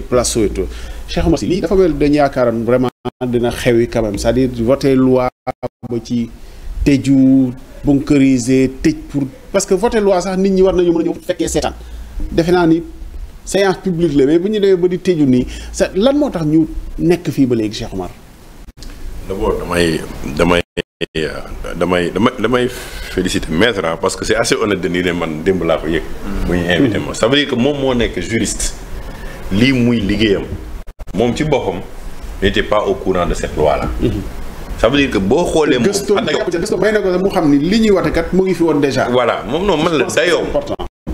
place Soweto Cheikh Omar Sy lii dafa mel dañu yaakaaroon vraiment dina xewi quand même c'est-à-dire voter loi ba ci tëju bunkeriser tëj pour parce que voter loi sax nit ñi war nañu mën a ñëw fekkee seetaan defe naa ni séance publique la mais bu ñu demee ba di tëju nii sa lan moo tax ñu nekk fii ba léegi Cheikh Omar d'abord damay damay euh, damay damay damay féliciter maître parce que c'est assez honnête de nii ne man démb laa ko yëg bu hmm. ñu invité ma ça dire que moom moo nekk juriste lii muy liggéeyam moom ci boppam n'était pas au courant de set loi là. Mhm. ça veut dire que boo xoolee. moom gëstoo bay mu xam ni li ñuy wate kat mu ngi fi woon déjà. voilà moom noonu man la dayoom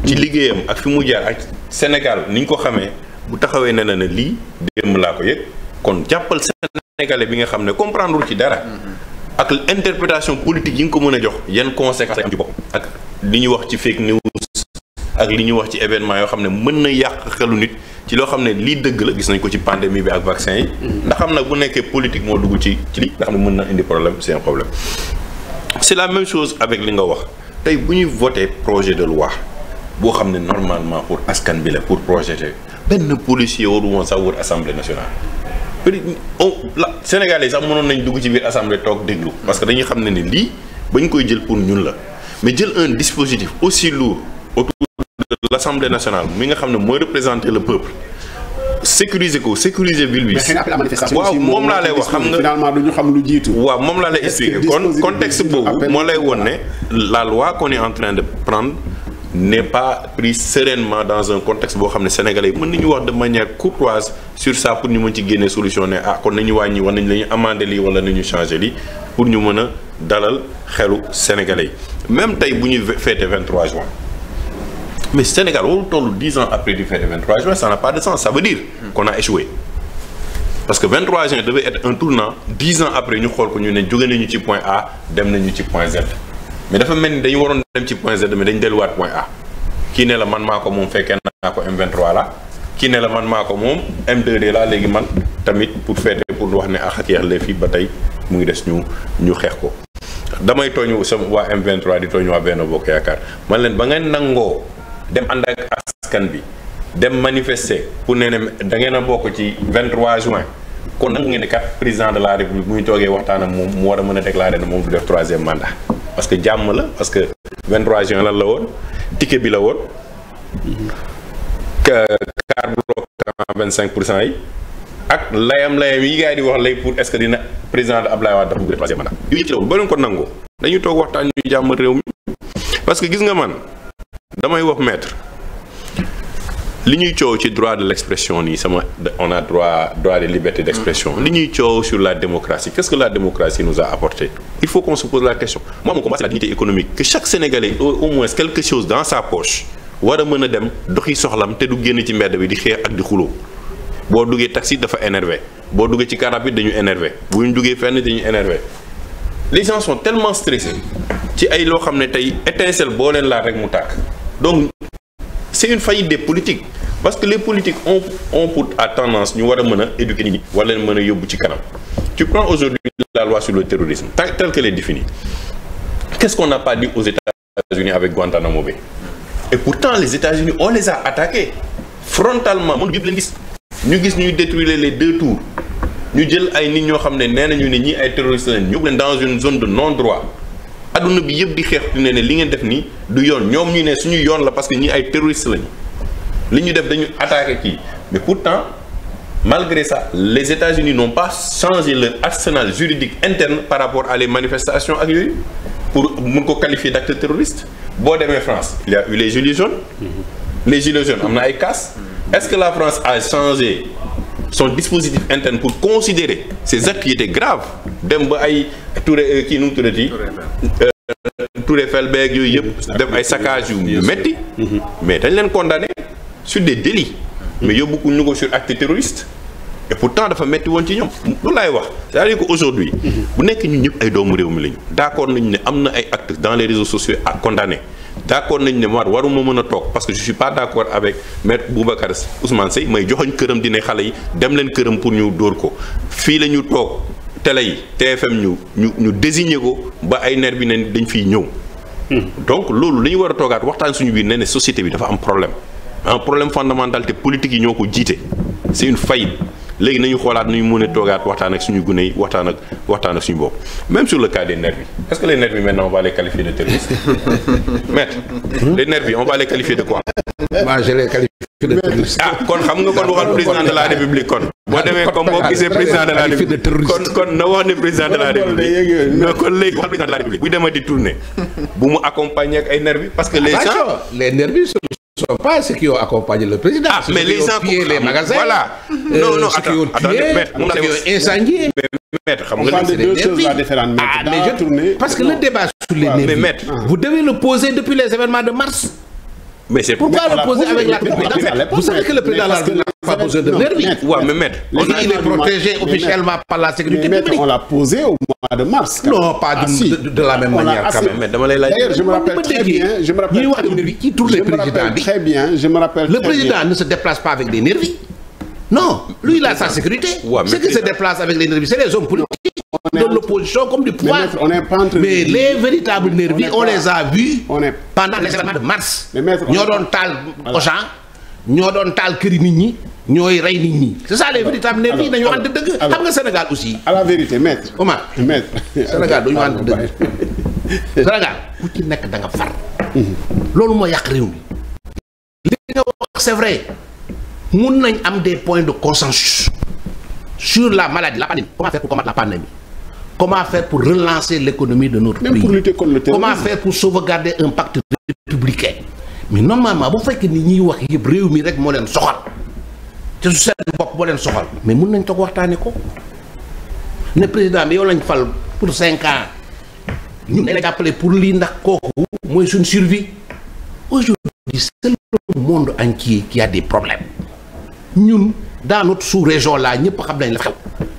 ci liggéeyam ak fi mu jaar ak Sénégal ni ñu ko xamee bu taxawee ne na ne lii démb laa ko yëg kon jàppal Sénégalais bi nga xam ne comprendre ci dara. Mhm. ak interprétation politique yi nga ko mën a jox yan conséquences am ci bopp ak li ñuy wax ci fake news ak li ñu wax ci événement yoo xam ne mën na yàq xelu nit ci loo xam ne lii dëgg la gis nañ ko ci pandémie bi ak vaccin yi mm-hmm. ndax xam bu nekkee politique moo dugg ci ci li nga xam ne mën na indi problème c'est un problème c'est la même chose avec li nga wax tey bu ñuy voté projet de loi boo xam ne normalement pour askan bi la pour projet benn policier waru woon sax wër assemblée nationale on la sénégalais sax mënoon nañ dugg ci biir assemblée toog déglu parce que dañuy xam ne ne lii bañ koy jël pour ñun la mais jël un dispositif aussi l'Assemblée nationale mi nga xam ne mooy représenter le peuple sécuriser ko sécuriser ville bi. waaw moom laa lay wax xam nga finalement duñu xam lu jiitu. waaw moom laa lay expliquer kon contexte boobu moo lay woon ne la waa kon est en train de prendre n'est pas prise sereinement dans un contexte boo xam ne sénégalais yi mën nañu wax de manière courtoise sur ça pour ñu mën ci génne solution ne ah kon nañu wàññi wala nañu la ñu amender lii wala nañu changé lii pour ñu mën a dalal xelu sénégalais yi même tey bu ñuy féete 23 juin. mais Sénégal warul toll dix ans après du fait de 23 juin ça n'a pas de sens ça veut dire a échoué parce que 23 juin devait être un tournant dix ans après ñu xool ko ñu ne jóge nañu ci point A dem nañu ci point Z mais dafa mel ni dañu waroon dem ci point Z mais dañu delluwaat point A kii ne la man maa ko moom fekkee naa ko M23 la kii ne la man maa ko moom m la léegi man tamit pour feete pour wax ne ak ah, yeex fii ba tey mu ngi des ñu ñu xeex ko damay tooñu sama waa M23 di tooñu waa Benno Yaakaar man leen ba ngeen nangoo dem ànd ak askan bi dem manifester pour ne ne da ngeen a bokk ci 23 juin kon nag ngeen ne kat président de la république bu ñu toogee waxtaanam moom mu war a mën a déclarer ne moom du def troisième mandat parce que jàmm la parce que 23 juin lan la woon ticket bi la woon. car bloc 25 pour cent yi. ak layam layam yi gars di wax lay pour est-ce que dina président de Abdoulaye Wade dafa bëgg troisième mandat. yu yëpp ci loolu ba damay wax maître li ñuy coow ci droit de l'expression nii sama on a droit droit de liberté d'expression li ñuy coow sur la démocratie qu'est-ce que la démocratie nous a apporté il faut qu'on se pose la question moi mon combat c'est la dignité économique que chaque Sénégalais au moins quelque chose dans sa poche war a mën a dem doxi soxlam te du génn ci mbedd bi di xeex ak di xuloo boo duggee taxi dafa énervé boo duggee ci car bi dañu énervé bu ñu duggee fenn dañu énervé les gens sont tellement stressés ci ay loo xam ne tey étincelle boo leen rek mu tàkk donc c'est une faillite des politiques parce que les politiques on ont pour à tendance ñu war a mën a éduquer nit ñi wala mën a yóbbu ci kanam tu prends aujourd'hui la loi sur le terrorisme telle qu'elle est définie qu'est-ce qu'on n'a pas dit aux États-Unis avec Guantanamo Bay et pourtant les États-Unis on les a attaqués frontalement monde yëpp leen gis ñu gis ñuy détruire les deux tours ñu jël ay nit ñoo xam ne nee nañu nit ñi ay terroristes lañ ñu leen dans une zone de non àdduna bi yëpp di xeex ne ne li ngeen def nii du yoon ñoom ñu ne suñu yoon la parce que ñi ay terroriste lañu li ñu def dañu attaqué kii mais pourtant malgré ça les États-Unis n'ont pas changé leur arsenal juridique interne par rapport à les manifestations ak yooyu pour mun ko qualifier d'acte terroriste boo demee France il y a eu les gilets jaunes les gilets jaunes am na ay casse est-ce que la France a changé son dispositif interne pour considérer ces actes qui étaient graves dem ba ay Touré euh, kii nu Touré fel beeg yooyu yëpp def ay saccage yu métti mhm. mais dañ leen condamné su des délits mais yóbbu ko ñu ko sur acte terroriste et pourtant dafa metti woon ci ñoom lu laay wax c'est-à-dire que aujourd'hui mhm. bu nekk ñun ñëpp ay doomu réew mi lañu d'accord nañu ne am na ay actes dans les réseaux sociaux à condamner d'accord nañu ne war waruma mën a toog parce que je suis pas d'accord avec maître Boubacar Ousmane Seye may joxoñ këram dina xale yi dem leen këram pour ñu dóor ko fii la ñu toog télé yi TFM ñu ñu ñu désigné ko ba ay nerf bi ne dañ fiy ñëw. Hmm. donc loolu li ñu war a toogaat waxtaan suñu biir ne ne société bi dafa am problème un problème fondamental te politique yi ñoo ko jiite c'est une faillite. léegi nañu xoolaat nu ñu mën a toogaat waxtaan ak suñu gune yi waxtaan ak waxtaan ak suñu bopp même sur le cas des nervis est-ce que les nervis maintenant on va les qualifier de terroristes maître les nervis on va les qualifier de quoi. ah kon xam nga kon waxal président de la république kon. boo demee comme boo gisee président de la république kon kon na wax ne président de la république. non kon léegi bu demee di bu mu accompagner ay nervis parce que ne sont pas ceux qui ont accompagné le président. Ah, ceux mais ceux les gens qui ah, Voilà. Euh, non, non, ceux attends, qui ont tué, ceux qui ont de deux choses à différentes ah, mais je, tourner, ah, Parce que le débat sur les voilà. mais vous devez le poser depuis les événements de mars. mais c'est pourquoi le poser avec la pépite vous savez que le président la République n'a pas de nervi waaw mais maître il est protégé officiellement par la sécurité publique non pas ah, de la même manière quand même d'ailleurs je me rappelle très bien je me qui tourne les présidents le président ne se déplace pas avec des nervis non lui il a sa sécurité ceux qui se déplacent avec les nervis c'est les hommes politiques on est de l'opposition comme du pouvoir. Mais, maître, mais les véritables nervis, a mars. ñoo doon taal Auchan ñoo doon taal këri nit ñi ñooy rey nit ñi. c'est ça les véritables nervis dañu waxante dëgg. xam nga Sénégal aussi. à la vérité maître. comment maître. Sénégal dañu waxante dëgg. Sénégal ku ci nekk da far. Mhm. loolu moo yàq réew mi. li nga wax c'est vrai mun nañ am des points de consensus sur la maladie la la pandémie. Comment faire pour relancer l'économie de notre Même pays pour lutter contre Comment faire pour sauvegarder un républicain mais normalement bu fekkee ni ñuy wax yëpp réew mi rek moo leen soxal te su seen bopp moo leen soxal mais mun nañ toog waxtaane ko ne président bi yow lañ fal pour cinq ans ñu ne la jàppale pour lii ndax kooku mooy suñ survie aujourd'hui c'est le monde entier qui a des ñun dans notre sous-région là ñëpp xam nañ la xew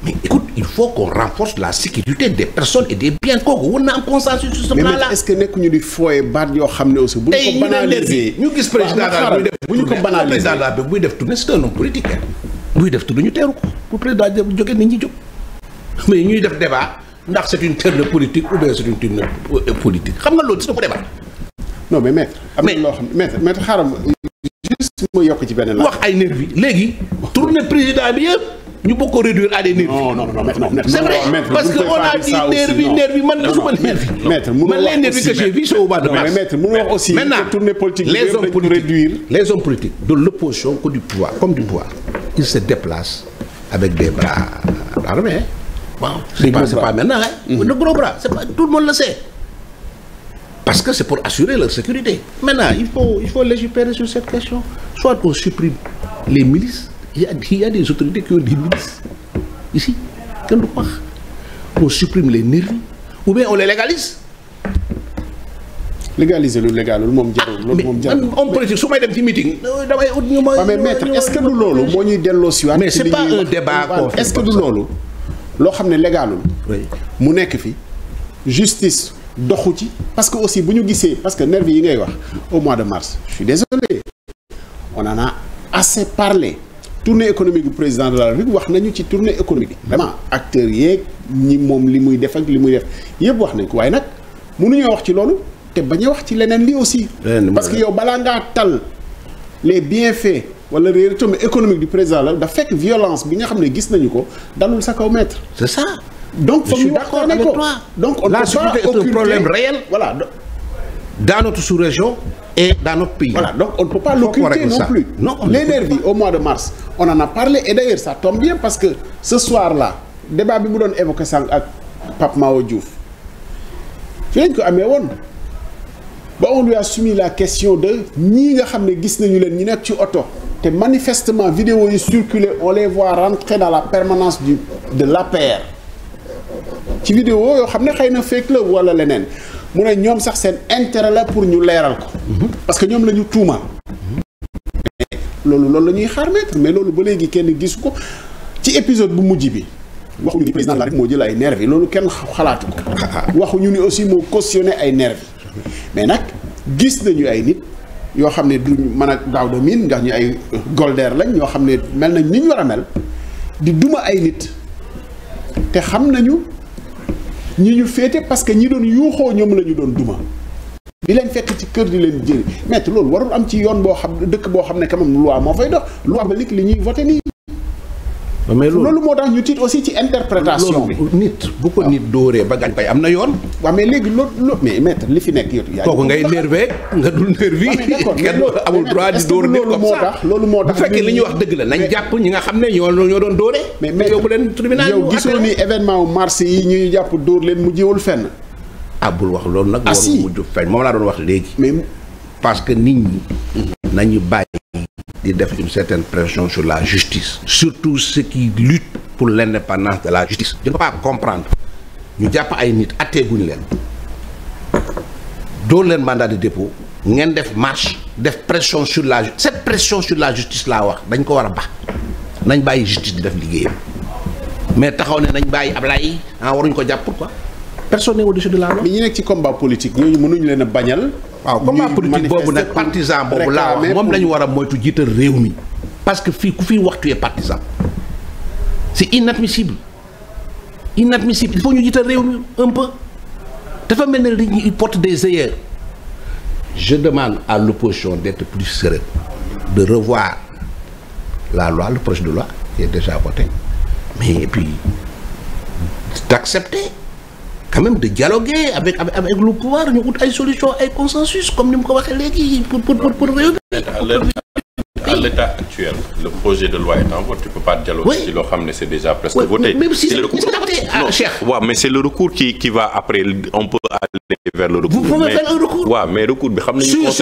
mais écoute il faut qu'on renforce la sécurité des personnes et des biens kooku war na am consensus sur ce plan là. est-ce nekk ñu di fooye baat yoo xam ne aussi. bu ñu ko banaliser ñu gis président bu ñu ko banaliser président buy def tournée c'est un homme politique buy def tournée ñu teeru ko bu président jógee nit ñi jóg mais ñuy def débat ndax c'est une tournée politique ou bien c'est une tournée politique xam nga loolu dina ko débat. non mais maître. xam maître maître xaaral ma yokk ci benn la. wax ay nerf léegi. journée président bi yëpp. ñu bëgg ko réduire à des nervis. non non non non c'est vrai parce que on a dit nervi nervi man gisuma nervi. que j'ai vu au bas de mars. maître na les hommes politiques les hommes politiques de l'opposition que du pouvoir comme du pouvoir ils se déplacent avec des bras armés. c'est pas c'est pas maintenant mm. gros bras c'est pas tout le monde le sait. parce que c'est pour assurer leur sécurité. maintenant il faut il faut légiférer sur cette question soit on supprime Il y, a, il y a des autorités qui ont des milices ici. On supprime les ou bien on les légalise. lu légal moom jarul loolu moom jarul homme politique su may dem ci meeting. damay ut ñu ma ah, mais du loolu moo ñuy delloo si waat. mais c'est pas un débat est-ce que du loolu. loo xam ne légalul. mu nekk fi justice doxu ci. parce que aussi bu ñu gisee parce que nervi yi ngay wax au mois de mars je suis désolé on en a assez parlé. tournée économique bu président de la République wax nañu ci tournée économique vraiment acteurs yeeg ñi moom li muy def ak li muy def yëpp wax nañ ko waaye nag mënuñoo wax ci loolu te bañ a wax ci leneen li aussi parce que yow balaa ngaa tal les bienfaits wala les retombées économique du président la daf fekk violence bi nga xam ne gis nañu ko dalul sa kaw maître c'est ça donc foog ñu waxtaanee ko donc on ne peut pas occulter problème réel voilà dans notre sous-région et dans notre pays. Voilà, donc on ne peut pas au mois de mars, on en a parlé et d'ailleurs ça tombe bien parce que ce soir-là, débat bi mu doon évoqué sànq ak Pape Mao Diouf fi lañ ko amee woon ba on lui a la question de ñii nga xam ne gis nañu leen ñu nekk ci oto te manifestement vidéo yi circulé on les voit rentrer dans la permanence du de l'APR ci vidéo yoo xam ne xëy na fake la wala leneen mu ne ñoom sax seen intérêt la pour ñu leeral ko. parce que ñoom la ñu tuumaal. loolu loolu la ñuy xaar maître mais loolu ba léegi kenn gisu ko ci épisode bu mujj bi. waxuñu ni président la rek moo jël ay yi loolu kenn xalaatu ko. waxuñu ni aussi moo cautionné ay nervi mais nag gis nañu ay nit yoo xam ne duñ mën a daaw de miin ndax ñu ay euh, goldeer lañ ñoo xam ne mel nañ ni ñu war a mel di duma ay nit te xam nañu. ñi ñu féete parce que ñi doon yuuxoo ñoom la doon duma di leen fekk ci kër di leen jëri mais loolu warul am ci yoon boo xam dëkk boo xam ne quand même loi moo fay dox loi ba li ñuy voté nii mais loolu moo tax ñu tiit aussi ci interprétation bi nit bu ko nit dóoree ba gàñ koy am na yoon waaw mais léegi loolu loolu mais maître li fi nekk yow kooku ngay nervé nga dul nervi kenn amul droit di dóor nit comme ça loolu moo tax bu fekkee li ñuy wax dëgg la nañ jàpp ñi nga xam ne ñoo ñoo doon dóore mais yóbbu leen tribunal yow gisoo ni événement wu marché yi ñuy jàpp dóor leen mu jiwul fenn ah bul wax loolu nag warul ah, mujj fenn moom laa doon wax léegi parce que nit ñi nañu bàyyi di def une certaine pression sur la justice surtout ceux qui luttent pour l'indépendance de la justice je ne peux comprendre ñu jàpp ay nit atteeguñu leen doon leen mandat de dépôt ngeen def marche def pression sur la cette pression la justice laa wax dañ ko war a ba nañ bàyyi justice di def liggéeyam mais taxaw ne nañ bàyyi Ablaye ah waruñ ko jàpp ko personne n'est au-dessus de la loi mais ñi nekk ci combat politique ñooñu mënuñu leen a bañal waaw combat politique boobu nag partisan boobu laa wax moom la ñu war a moytu jiital réew mi parce que fii ku fi waxtu yee partisan c'est inadmissible inadmissible il faut ñu jiital réew mi un peu dafa mel ne li ñu porte des œillères je demande à l'opposition d'être plus sereine de revoir la loi le projet de loi qui est déjà voté mais et puis d'accepter quand même de dialoguer avec avec, le pouvoir ñu ut ay solution ay consensus comme ni mu ko waxee pour pour pour réew à l'état actuel le projet de loi est en vote tu peux pas dialoguer ci loo xam c'est déjà presque voté c'est voté ah cher mais c'est le recours qui va après on peut aller vers le recours mais mais recours bi xam